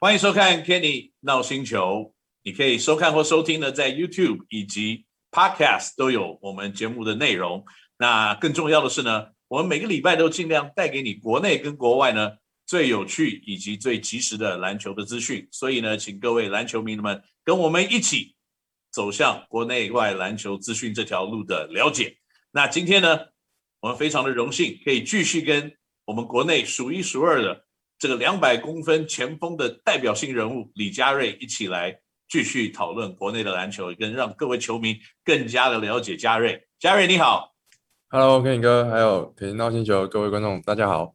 歡迎收看 Kenny NOW 星球。你可以收看或收聽呢，在 YouTube 以及 Podcast 都有我們節目的內容。那更重要的是呢，我們每個禮拜都盡量帶給你國內跟國外呢最有趣以及最及時的籃球的資訊。所以呢，請各位籃球迷們們跟我們一起走向國內外籃球資訊這條路的了解。那今天呢，我們非常的榮幸可以繼續跟我們國內數一數二的。這個兩百公分前鋒的代表性人物李家瑞一起來繼續討論國內的籃球，跟讓各位球迷更加的了解家瑞。家瑞你好，Hello Kenny 哥，還有肯尼 NOW 星球各位觀眾大家好。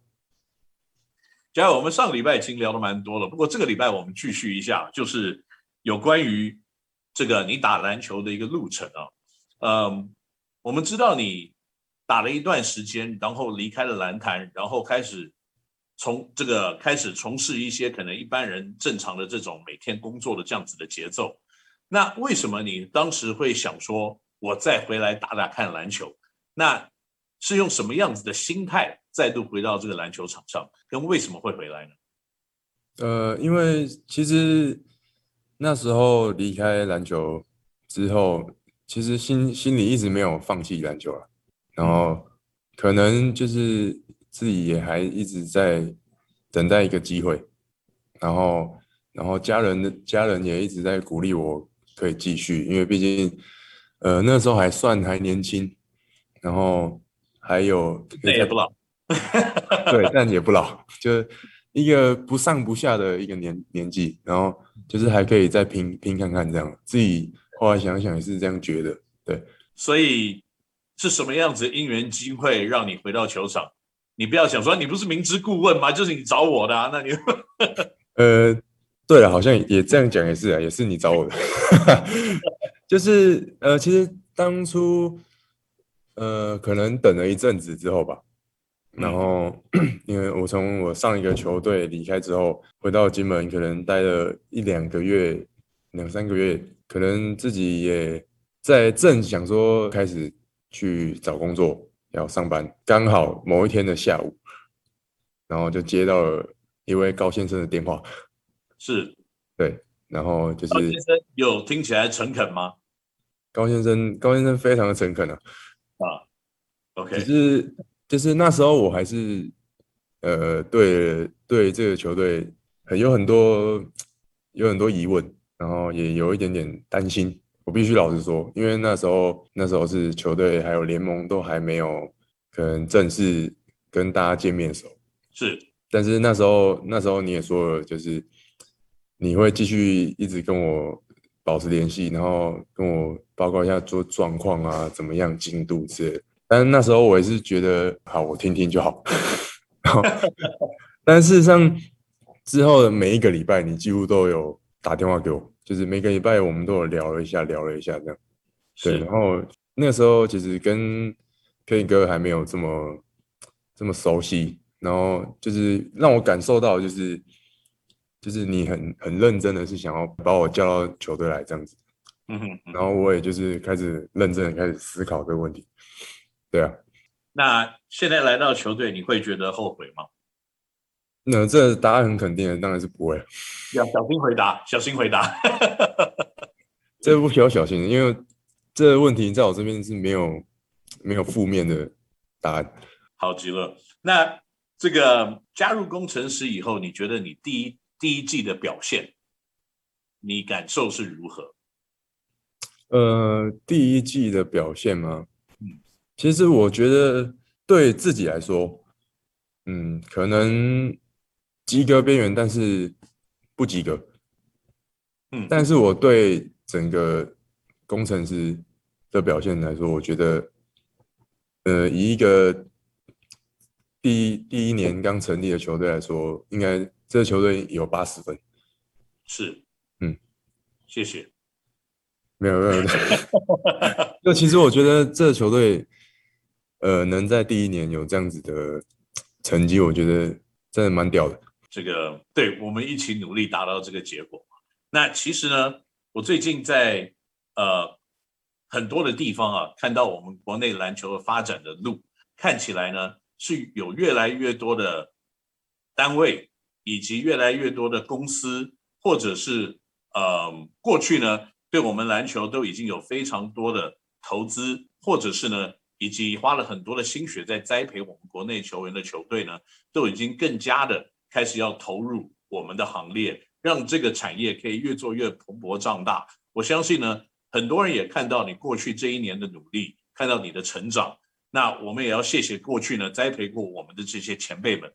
家瑞，我們上禮拜已經聊了蠻多了，不過這個禮拜我們繼續一下，就是有關於這個你打籃球的一個路程啊。嗯，我們知道你打了一段時間，然後離開了籃壇，然後開始。從這個開始從事一些可能一般人正常的這種每天工作的這樣子的節奏，那為什麼你當時會想說我再回來打打看籃球？那是用什麼樣子的心態再度回到這個籃球場上？跟為什麼會回來呢？呃，因為其實那時候離開籃球之後，其實心心裡一直沒有放棄籃球了啊，然後可能就是。自己也還一直在等待一個機會，然後，然後家人的家人也一直在鼓勵我可以繼續，因為畢竟，呃，那時候還算還年輕，然後還有，那也不老， 對，但也不老，就是一個不上不下的一個年年紀，然後就是還可以再拼拼看看這樣，自己後來想想也是這樣覺得，對，所以是什麼樣子的因緣機會讓你回到球場？你不要想說，你不是明知故問嗎？就是你找我的啊，那你， 呃，對了，好像也這樣講也是啊，也是你找我的， 就是呃，其實當初呃，可能等了一陣子之後吧，然後因為我從我上一個球隊離開之後，回到金門，可能待了一兩個月、兩三個月，可能自己也在正想說開始去找工作。要上班，剛好某一天的下午，然後就接到了一位高先生的電話，是，對，然後就是高先生有聽起來誠懇嗎？高先生，高先生非常的誠懇啊，啊，OK，只是就是那時候我還是，呃，對，對這個球隊很有很多有很多疑問，然後也有一點點擔心。我必須老實說，因為那時候，那時候是球隊還有聯盟都還沒有可能正式跟大家見面的時候。是，但是那時候，那時候你也說了，就是你會繼續一直跟我保持聯繫，然後跟我報告一下做狀況啊，怎麼樣進度之類的。但是那時候我也是覺得，好，我聽聽就好。好 但事實上之後的每一個禮拜，你幾乎都有打電話給我。就是每個禮拜我們都有聊了一下，聊了一下這樣，對。然後那個時候其實跟 K 哥還沒有這麼這麼熟悉，然後就是讓我感受到就是就是你很很認真的是想要把我叫到球隊來這樣子。嗯哼，嗯哼，然後我也就是開始認真的開始思考這個問題，對啊。那現在來到球隊，你會覺得後悔嗎？那這答案很肯定的，當然是不會。要小心回答，小心回答。 這不需要小心，因為這個問題在我這邊是沒有沒有負面的答案。好極了。那這個加入攻城獅以後，你覺得你第一第一季的表現，你感受是如何？呃，第一季的表現嗎？嗯，其實我覺得對自己來說，嗯，可能。及格邊緣，但是不及格。嗯，但是我對整個攻城獅的表現來說，我覺得，呃，以一個第一第一年剛成立的球隊來說，應該這個球隊有八十分。是，嗯，謝謝。沒有，沒有，沒有。就其實我覺得這個球隊，呃，能在第一年有這樣子的成績，我覺得真的蠻屌的。這個，對，我們一起努力達到這個結果。那其實呢，我最近在呃很多的地方啊，看到我們國內籃球的發展的路，看起來呢是有越來越多的單位，以及越來越多的公司，或者是呃過去呢對我們籃球都已經有非常多的投資，或者是呢以及花了很多的心血在栽培我們國內球員的球隊呢，都已經更加的。開始要投入我們的行列，讓這個產業可以越做越蓬勃壯大。我相信呢，很多人也看到你過去這一年的努力，看到你的成長。那我們也要謝謝過去呢，栽培過我們的這些前輩們。